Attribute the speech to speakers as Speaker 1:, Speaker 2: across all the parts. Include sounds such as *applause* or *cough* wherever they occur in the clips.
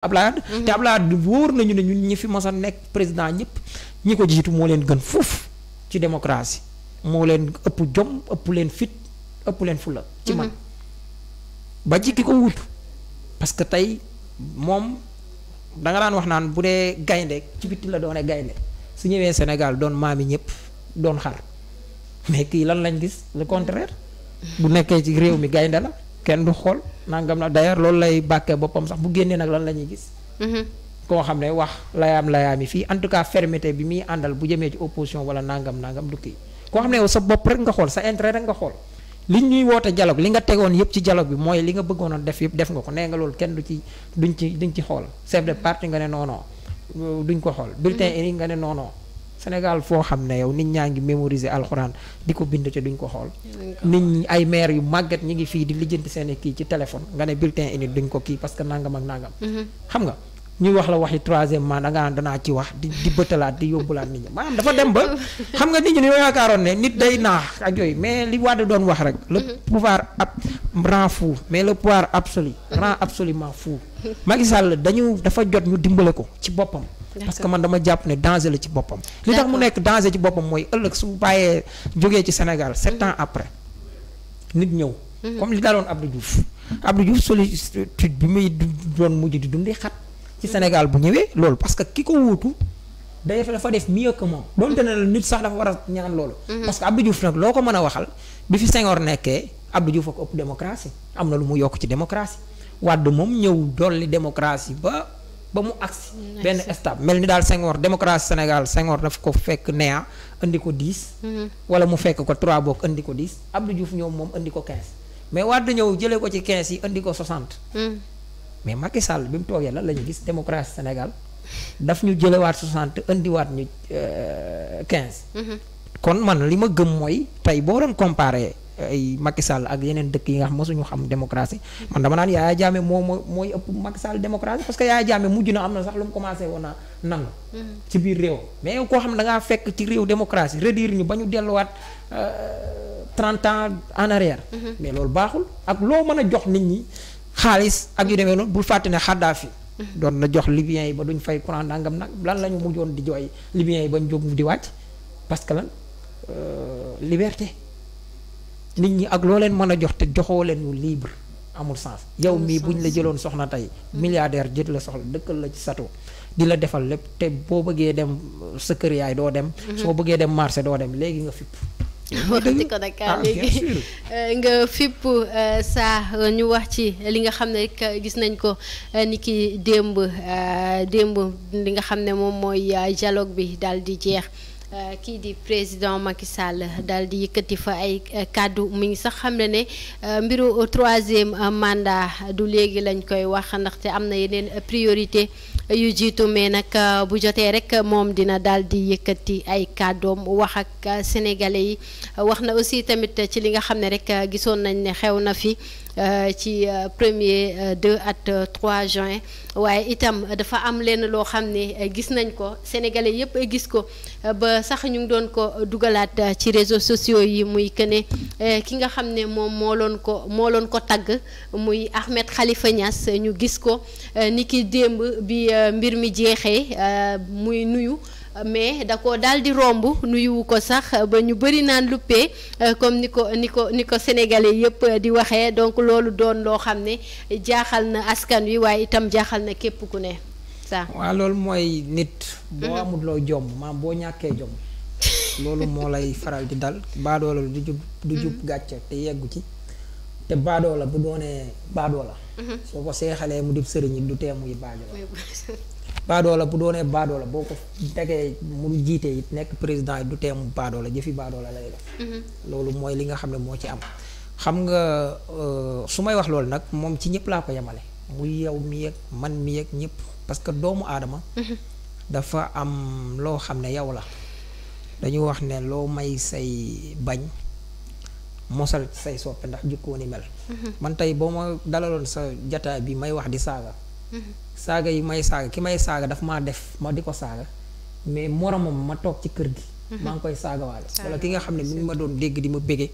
Speaker 1: Abdoulaye Wade mhm. te Abdoulaye Wade wóor nañu ne ñun ñi fi mosa nekk président ñëpp ñi ko jiitu moo leen gën fuuf ci démocratie moo leen ëpp jom ëpp leen fit ëpp leen fula ci man mhm. ba ci ki ko wutu parce que tey moom danga daan wax naan bu dee gaynde ci bitti la doone gaynde su ñëwee Sénégal doon maami ñëpp doon xar mais kii lan lañ gis le contraire mhm. bu nekkee ci réew mi gaynde la kenn du xool nangam na d'ailleurs loolu lay bàkkee boppam sax bu génnee nag lan la ñuy gis. Mm-hmm. koo xam ne wax layaam layaam yi fii en tout cas fermeté bi muy àndal bu jëmee ci opposition wala nangam nangam du kii koo xam ne yow sa bopp rek nga xool sa intérêt rek nga xool li ñuy woote dialogue li nga tegoon yëpp ci dialogue bi mooy li nga bëggoon a def yëpp def nga ko nee nga loolu kenn du ci duñ ci duñ ci xool chef de parti nga ne non duñ ko xool. bulletin unique mm-hmm. nga ne non Sénégal foo xam ne yow nit ñaa ngi mémoriser alxuraan di ko bind te duñ ko xool. nit ñi ay maire yu màggat ñi ngi fii di lijjanti seen kii ci téléphone nga ne bulletin unique duñ ko kii parce que nangam ak nangam. Mm-hmm. xam nga ñuy wax la waxi troisième man da ngaa danaa ci wax di di bëtalaat di yóbbulaat nit ñi maanaam dafa dem ba *laughs* xam nga nit ñi dañoo yaakaaroon ne nit day naax ak yooyu mais li Wade doon wax rek. le mm-hmm. pouvoir ab rend fou mais le pouvoir absolu rend mm-hmm. absolument fou. Macky Sall dañu dafa jot ñu dimbale ko ci boppam. parce que man dama jàpp ne danger la ci boppam li tax mu nekk danger ci boppam mooy ëllëg su bàyyee jógee ci Sénégal sept mhm. ans après nit ñëw mhm. comme li daloon Abdou Diouf Abdou Diouf solitude bi muy doon mujj di dundi xat ci mhm. Sénégal bu ñëwee loolu parce que ki ko wuutu day dafa def mieux que moom doonte ne la nit sax dafa war a ñaan loolu parce que Abdou Diouf nag loo ko mën a waxal bi fi Senghor nekkee Abdou Diouf ak ëpp démocratie am na lu mu yokk ci démocratie Wade moom ñëw dolli démocratie ba ba mu agsi benn stade mel ni daal Senghor démocratie Sénégal Senghor daf ko fekk néa indi ko 10 mhm. wala mu fekk ko 3 boog indi ko 10 Abdou Diouf ñoom moom indi ko 15 mais da ñëw jëlee ko ci 15 yi indi ko 60 mhm. mais Macky Sall bi mu toogee lan la ñu gis démocratie Sénégal daf ñu jëlewaat 60 indiwaat ñu 15 euh, mhm. kon man li ma gëm mooy tey boo doon comparé ay Macky Sall ak yeneen dëkk yi nga xam mosuñu xam démocratie man dama naan Yaya Jammeh moo mooy ëpp Macky Sall démocratie parce que mujj na am na sax lu mu commencé woon a nangu mm-hmm. ci biir réew mais yow xam da ngaa fekk ci réew démocratie redire ñu ba ñu delluwaat 30 euh, ans en arrière mm-hmm. mais loolu baaxul ak loo mën a jox nit ñi xaalis ak yu demee noonu bul fàtte ne Kadhafi mm-hmm. doon na jox libyens yi ba duñ fay courant ndàngam nag lan la ñu mujjoon di jooy yi bañ jóg mu di wàcc nit ñi ak loo leen mën a jox te joxoo leen lu libre amul sens yow mii buñ la jëloon soxna tey hmm. milliardaire jël la soxla dëkkal la ci sato di la defal lépp te boo bëggee dem euh, sa kër yaay doo dem hmm. soo bëggee dem marché doo dem léegi nga fipp
Speaker 2: *laughs* waxati ko ah, *laughs* euh, nga fipp euh, saa ñu wax ci li nga xam ne gis nañ ko ni ki démb démb li nga xam ne moom mooy dialogue bi daal di jeex Euh, kii di président Macky Sall daal di yëkkati fa ay euh, kàddu mi ngi sax xam ne ne euh, mbiru troisième mandat du léegi lañ koy wax ndaxte am na yeneen priorité yu jiitu mais nag bu jotee rek moom dina daal di yëkkati ay kàddoom wax ak sénégalais yi wax na aussi tamit ci li nga xam ne rek gisoon nañ ne xew na fi. Euh, ci euh, premier 2 euh, at 3 juin waaye itam dafa am lenn loo xam ne gis nañ ko sénégalais yëpp gis ko ba sax ñu ngi doon ko dugalaat ci réseau sociaux yi muy këne ki nga xam ne moom moo loon ko moo loon ko tagg muy Ahmed xalifa Niass ñu gis ko ni ki démb bi mbir mi jeexee muy nuyu mais da ko daal di romb nuyuwu ko sax ba ñu bëri naan luppee euh, comme ni ko ni ko ni ko sénégalais yëpp di waxee donc loolu doon loo xam ne jaaxal na askan wi waaye itam jaaxal na képp ku ne ça. waaw
Speaker 1: loolu mooy nit. boo mhm. amul boo ñàkkee jom. *laughs* moo lay faral di dal baadoola du jub du jub mhm. gàcce te yeggu ci te baadoola bu doonee baadoola. Mhm. soo ko seexalee mu dib sëriñ du teemu yi baadoola
Speaker 2: *laughs*
Speaker 1: baadoola bu doonee baadoola boo ko tegee mu jiite nekk président yi du tee mu baadoola jëfi baadoola lay def. Mhm. loolu mooy li nga xam ne moo ci am. xam nga euh, su may wax loolu nag moom ci ñëpp laa ko yemale muy yow mi yëg man mi yëg ñëpp parce que doomu aadama. Mhm. dafa am loo xam ne yow la. dañu wax ne loo may say bañ mosal say soppe ndax jikkoo mel. Mhm. man tey boo ma dalaloon sa jataay bi may wax di saaga. saaga yi may saaga ki may saaga daf maa def ma di ko saaga mais moromam ma toog ci kër gi. Mhm. maa ngi koy saaga saagawaale. wala ki nga xam ne mi ngi ma doon dégg di ma bége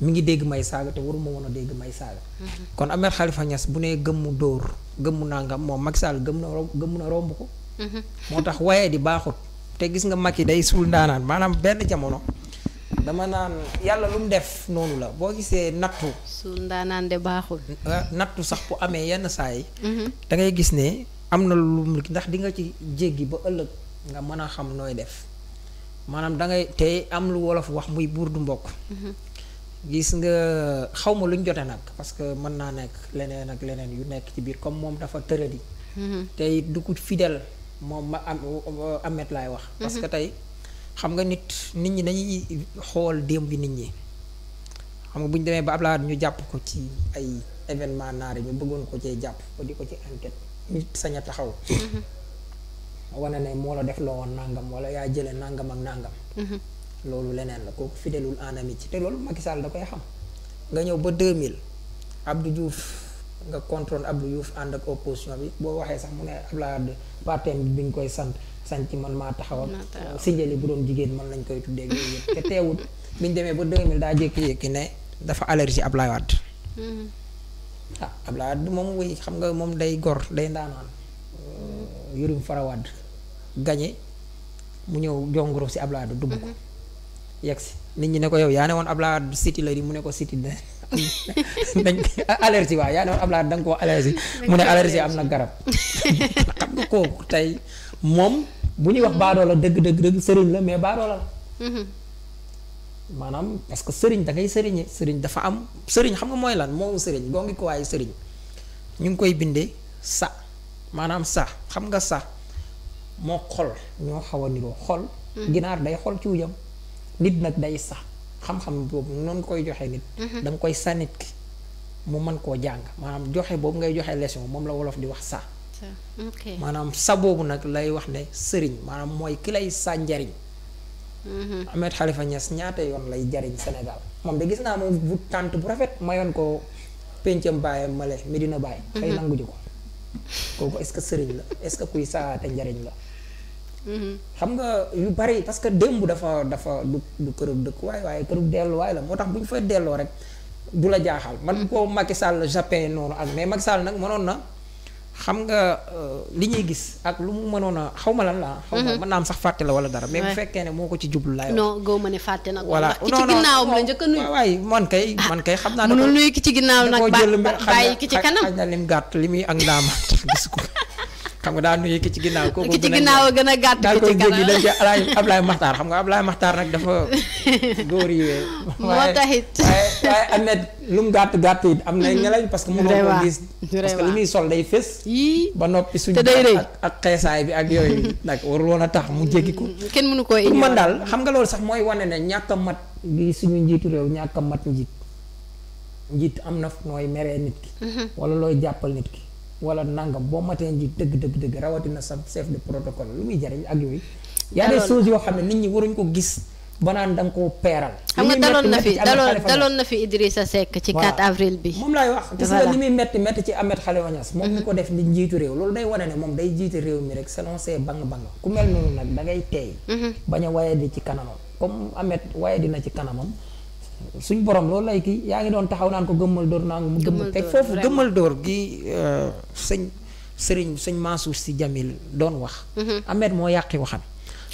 Speaker 1: mi ngi dégg may saaga te waruma woon a dégg may saaga. Mhm. kon Ahmed xalifa Niass bu nee gëmmu dóor gëmmu nangam moo mag Sall gëm na gëmm na romb ko. Mhm. moo tax waaye di baaxut te gis nga mag yi day suul ndaanaan maanaam benn jamono. dama naan yàlla lu def noonu la boo gisee nattu. su
Speaker 2: ndaanaan de baaxul. Ah,
Speaker 1: nattu sax bu amee yenn saa yi. Mm-hmm. da ngay gis ne am na lu ndax di nga ci jéggi ba ëllëg nga mën a xam nooy def maanaam dangay ngay tey am lu wolof wax muy buur du mbokk. Mm-hmm. gis nga xaw ma luñ jote nag parce que mën naa nekk leneen ak leneen yu nekk ci biir comme moom dafa tëradi. Mm-hmm. tey du ko fidèle moom ma am Ameth wax. parce tey. xam nga nit nit ñi dañuy xool démb bi nit ñi xam nga bu ñu demee ba Ablaye ñu jàpp ko ci ay événement naar yi ñu bëggoon ko cee jàpp ba di ko ci enquête nit saña taxaw. Mm-hmm. wane ne moo la def loo woon nangam wala yaa jële nangam ak nangam. Mm-hmm. loolu leneen la kooku fidelul en ci te loolu Macky Sall da koy xam nga ñëw ba 2000 Abdou Diouf. nga contrôle Abdou Diouf ànd ak opposition bi boo waxee sax mu ne Abdoulaye Wade parteem bi ñu koy sant sant ci man maa taxawal sinjali bu doon jigéen man lañ koy tuddee yooyu teewul bi ñu ba 2000 daa jékki-jékki ne dafa allergie Abdoulaye Wade mm-hmm. ah Abdoulaye xam nga moom day gor day ndaanaan euh, Yërim Fara Wade mu ñëw jongoro si Abdoulaye dugg ko mm-hmm. yegg si nit ñi ne ko yow yaa ne woon Abdoulaye Wade city la di mu ne ko city de dañ allergie waaw yaa ne am laa da koo allergie mu ne allergie am na garab xam nga kooku tey moom bu ñuy wax baadoo dëgg dëgg dëgg sëriñ la mais baadoo la mhm. maanaam parce que sëriñ da ngay sëriñe sëriñ dafa am sëriñ xam nga mooy lan moomu sëriñ boo ngi ko waaye sëriñ ñu ngi koy bindee sa maanaam sa xam nga sa moo xol ñoo xaw a niroo xol mhm. ginaar day xol ci wujam nit nag day sa xam-xam boobu noonu koy joxe nit. Mm-hmm. da nga koy sa nit ki mu mën koo jàng maanaam joxe boobu ngay joxe leçon moom la wolof di wax sa. ok maanaam sa boobu nag lay wax ne sëriñ maanaam mooy ki lay sa njariñ. Mm-hmm. Ahmed Khalifa Niass ñaata yoon lay jariñ Sénégal moom de gis naa moom bu tànt bu rafet mayoon ko pencam baayam male Medina Baye. Mm-hmm. xëy nanguñu ko kooku est-ce que sëriñ la est-ce que kuy saate njariñ la. xam nga yu bari parce que démb dafa dafa du kër kërub dëkkuwaay waaye kërub delluwaay la moo tax bu ñu fa delloo rek du la jaaxal man mm. koo Macky Sall japin noonu ak mais Macky Sall nag mënoon na xam nga euh, li ñuy gis ak lu mu mënoon a xaw ma la xaw ma mm-hmm. mën naa sax fàtte wala dara mais bu fekkee ne moo ko ci jublu laay
Speaker 2: ne fàtte nag voilà ki ci njëkk
Speaker 1: a nuyu waay man kay ah, man kay xam naa mënul nuyu ki ci ginnaaw nag bàyyi ki ci kanam xaj na lim gàtt li muy ak ndaama *laughs* gis ko xam nga daa nuyu ki ci ginnaaw kooku ki ci ginnaaw gën a gàtt ki ci kanam daal ko Ablaye Ablaye Makhtar xam nga Ablaye Makhtar nag dafa *laughs* góor yi moo taxit waaye waaye Ahmed lu mu gàtt gàtt it am na mm-hmm. ñelañ parce que mënoo ko gis parce que li muy sol day fés ba noppi suñu ak xeesaay bi ak yooyu *laughs* nag warul woon a tax mu jéggi ko mm-hmm. kenn mënu ko pour man daal xam nga loolu sax mooy wane ne ñàkk a mat bi suñu njiitu réew ñàkk a mat njiit njiit am na nooy meree nit ki mm-hmm. wala looy jàppal nit ki wala nangam boo matee ji dëgg dëgg dëgg rawatina sa chef de protocole lu muy jariñ ak yooyu. yaa des choses yoo xam ne nit ñi waruñ ko gis. ba naan da koo peeral. xam nga daloon na fi daloon daloon
Speaker 2: na fi Idrissa Seck. ci 4 avril
Speaker 1: bi. moom laay wax gis nga li muy métti métti ci Ahmed Khalifa Niass. moom mi mhm. ko def di njiitu réew loolu day wane ne moom day jiitu réew mi rek selon ses bang bang ku mel noonu nag da ngay teey mhm. bañ a waye di ci kanamam comme Ahmed waye dina ci kanamam. suñ borom loolu lay kii yaa ngi doon taxaw naan ko gëmmal dóor naa mu gëmmal teg foofu gëmmal door gi euh, sëñ sëriñ sëñ Mansour si Jamil doon wax mhm. Ahmed moo yàqi waxam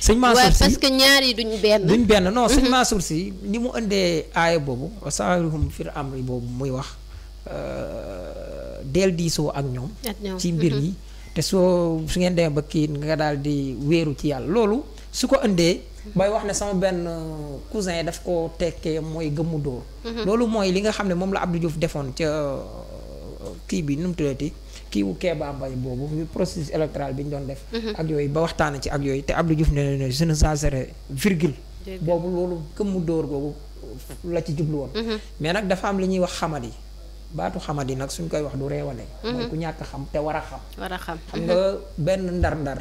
Speaker 1: sëñ Mansour si parce
Speaker 2: que ñaar yi duñ benn benn
Speaker 1: non sëñ mhm. Mansour si ni mu indee aaya boobu wasaaruhum fir amri boobu muy wax euh, del diisoo ak ñoom ci mbir yi mhm. te soo su ngeen dee ba kii nga daal di wéeru ci yàlla loolu su ko indee bay wax ne sama benn euh, cousin daf ko tekkee mooy gëmmu dóor mhm. loolu mooy li nga xam ne moom la Abdou Diouf defoon ca euh, kii bi nu mu tuddati kii wu Kéba Mbaye boobu processus électoral bi ñu doon def mhm. ak yooyu ba waxtaana ci ak yooyu te Abdou Diouf ne ne je ne changerai virgule boobu loolu gëmmu dóor boobu la ci jublu woon mhm. mais nag dafa am li ñuy wax xamadi baatu xamadi nag suñ koy wax du reewale mooy ku ñàkk xam te war a xam
Speaker 2: war a xam xam nga
Speaker 1: benn ndar ndar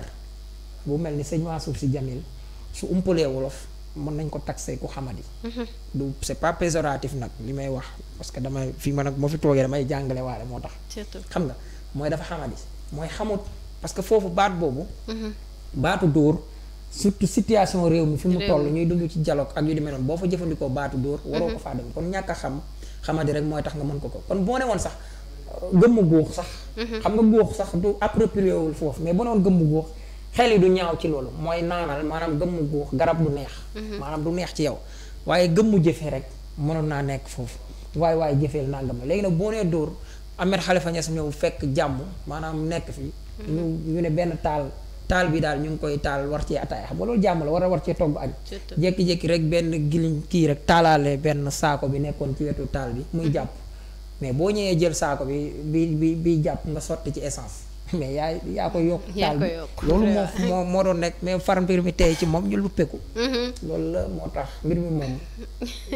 Speaker 1: bu mel ni sëñ Mansour Sy Djamil su umpalee wolof mën nañ ko taxé ku xamadi. Mhm. du c'est pas péjoratif nag li may wax parce que damay fii ma nag moo fi toogee damay jàngale waale moo tax. xam nga mooy dafa xamadi mooy xamut parce que foofu baat boobu. Mhm. baatu dóor surtout situation réew mi fi mu toll ñuy dund ci dialogue ak yu demee noonu boo fa jëfandikoo baatu dóor. waroo mhm. kon ñàkk a xam xamadi mooy tax nga mën ko ko kon boo ne woon sax gëmm góox sax. xam nga góox sax du approprié wul foofu mais boo ne woon gëmm góox. xel yi du ñaaw ci loolu mooy naanal maanaam gëmmu guux garab du neex mhm. maanaam du neex ci yow waaye gëmmu jëfe rek mënoon naa nekk foofu waaye waaye jëfeel nangam léegi nag boo nee dóor Ahmed Khalifa Niass ñëw fekk jàmm maanaam nekk fi mhm. ñu ñu ne benn taal taal bi daal ñu ngi koy taal war cee ataaya xam nga loolu jàmm la war a war cee togg añ jékki-jékki rek benn giliñ kii rek taalaale benn saako bi nekkoon ci wetu taal bi muy mhm. jàpp mais boo ñëwee jël saako bi bi bi jàpp nga sotti ci essence *laughs* mais yaa yaa ko yokk taal bi *laughs* loolu moo *laughs* moo moo doon nekk mais far mbir mi ci moom ñu luppeeku mm-hmm. loolu la moo tax mbir mi moom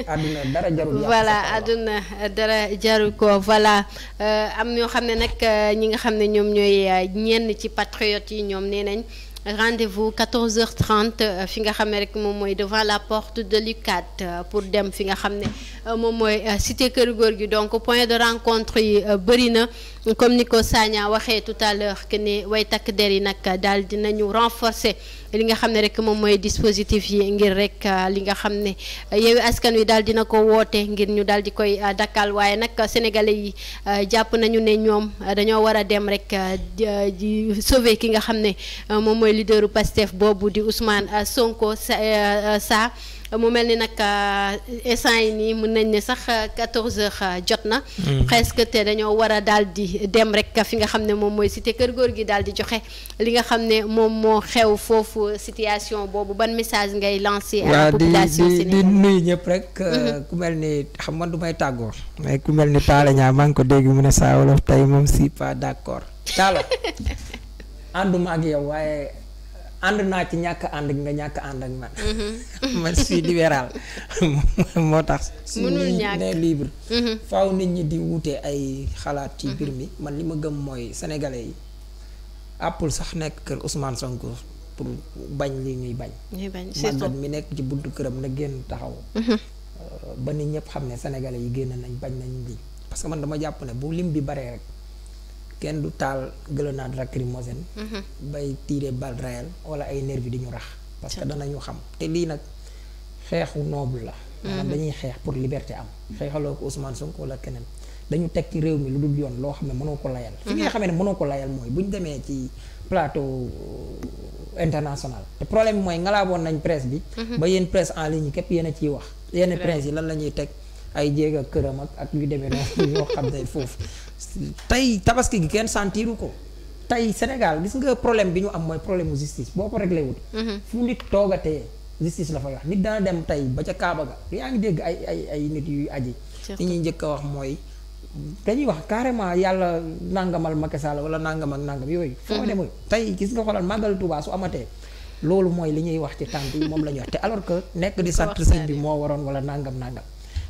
Speaker 1: àdduna dara jarul voilà
Speaker 2: àdduna dara jaru ko voilà euh, am ñoo xam ne nag euh, ñi nga xam ne ñoom ñooy euh, ñenn ci patriotes yi ñoom nee nañ rendez-vous 14h30 fi nga xam ne rek moom mooy devant la porte de l'UCAD pour dem fi nga xam ne moom mooy cité kër góor gi donc point de rencontre yi bëri na comme ni ko Sagna waxee tout à l'heure que ne way takk der yi nag daal dinañu renforcer li nga xam ne rek moom mooy dispositif yi ngir rek euh, li nga xam ne euh, Yewwi Askan Wi daal dina ko woote ngir ñu daal di koy euh, dakkaal waaye nag sénégalais yi jàpp nañu ne ñoom dañoo war a dem rek di sauver ki nga xam ne moom mooy leaderu Pastef boobu di Ousmane Sonko sa mu mel ni nag euh, instant yi nii mën nañ ne sax 14 euh, heures euh, jot na. Mm. presque te dañoo war a daal di dem rek fi nga xam ne moom mooy cité kër góor gi daal di joxe li nga xam ne moom moo xew foofu situation boobu ban message ngay lancé. à la population sénégalaise
Speaker 1: di nuyu ñëpp rek. Mm-hmm. ku mel ni xam man du may tàggoo. mais ku mel ni Talla Niang maa ngi ko dégg mu ne saa wolof tey moom si pas d'accord Talla *laughs* ànduma ak yow waaye. ànd naa ci ñàkk ànd nga ñàkk ànd ak man. Mhm. *laughs* man suis libéral *laughs* moo tax. su ñàkk ne libre. Mhm. faw nit ñi di wuute ay xalaat ci mbir mi man li ma gëm mooy sénégalais yi Apple sax nekk kër Ousmane Sonko pour bañ li ñuy bañ. ñuy bañ man mi nekk ci buntu këram na génn taxaw. Mhm. Euh, ba nit ñëpp xam ne sénégalais yi génn nañ bañ nañ lii parce que man dama jàpp ne bu lim bi baree rek. kenn du taal grenade lacrymogène mhm. bay tiire balle réelle wala ay nervi di ñu rax parce que danañu xam te lii nag xeexu noble la maanaam mhm. dañuy xeex pour liberté am xeexaloo ko Ousmane Sonko wala keneen dañu teg ci réew mi lu dul yoon loo xam ne mënoo ko layal fi nga mhm. xamee ne mënoo ko layal mooy bu demee ci plateau international te problème bi mooy ngalaaboon nañ presse bi ba yéen presse en ligne képp yéen a ciy wax yenn presse yi lan la ñuy teg ay jéeg ak këram *laughs* tey tabaski gi kenn santiiru ko tey Sénégal gis nga problème bi ñu am mooy problème mu justice boo ko réglé wut. Mhm. fu nit toogatee justice la fay wax nit dana dem tey ba ca Kaaba ga yaa ngi dégg ay ay ay nit yuy aji. li ñuy njëkk a wax mooy. dañuy wax carrément yàlla nangamal Macky Sall wala nangam ak nangam yooyu. foo mhm. demee tey gis nga xoolal màggal Tuubaa su amatee. loolu mooy li ñuy wax ci tànk yi moom la ñuy wax te alors que nekk di sant sëñ bi moo waroon wala nangam nangam.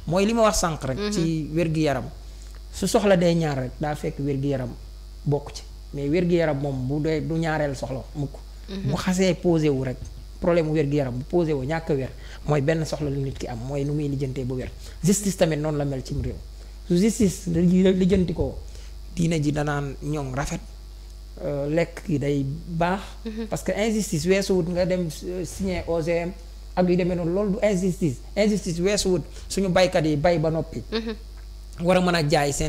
Speaker 1: mooy li ma wax sànq rek. Mhm. ci wér yaram su soxla dee ñaar rek daa fekk wér-gu-yaram bokk ci mais wér-gu-yaram moom bu dee du ñaareel soxla mukk mhm. bu xasee posé wu rek problème mu wér-gu-yaram bu posé wu ñàkk wér mooy benn soxla lu nit ki am mooy nu muy lijjantee bu wér justice tamit noonu la mel cim réew su justice lijjanti ko diine ji danaan ñoŋ rafet euh, lekk gi day baax mhm. parce que injustice weesuwut nga dem euh, signer OGM ak yu demee noonu loolu du injustice injustice weesuwut suñu baykat yi bay ba noppi mhm. war a mën a jaay seen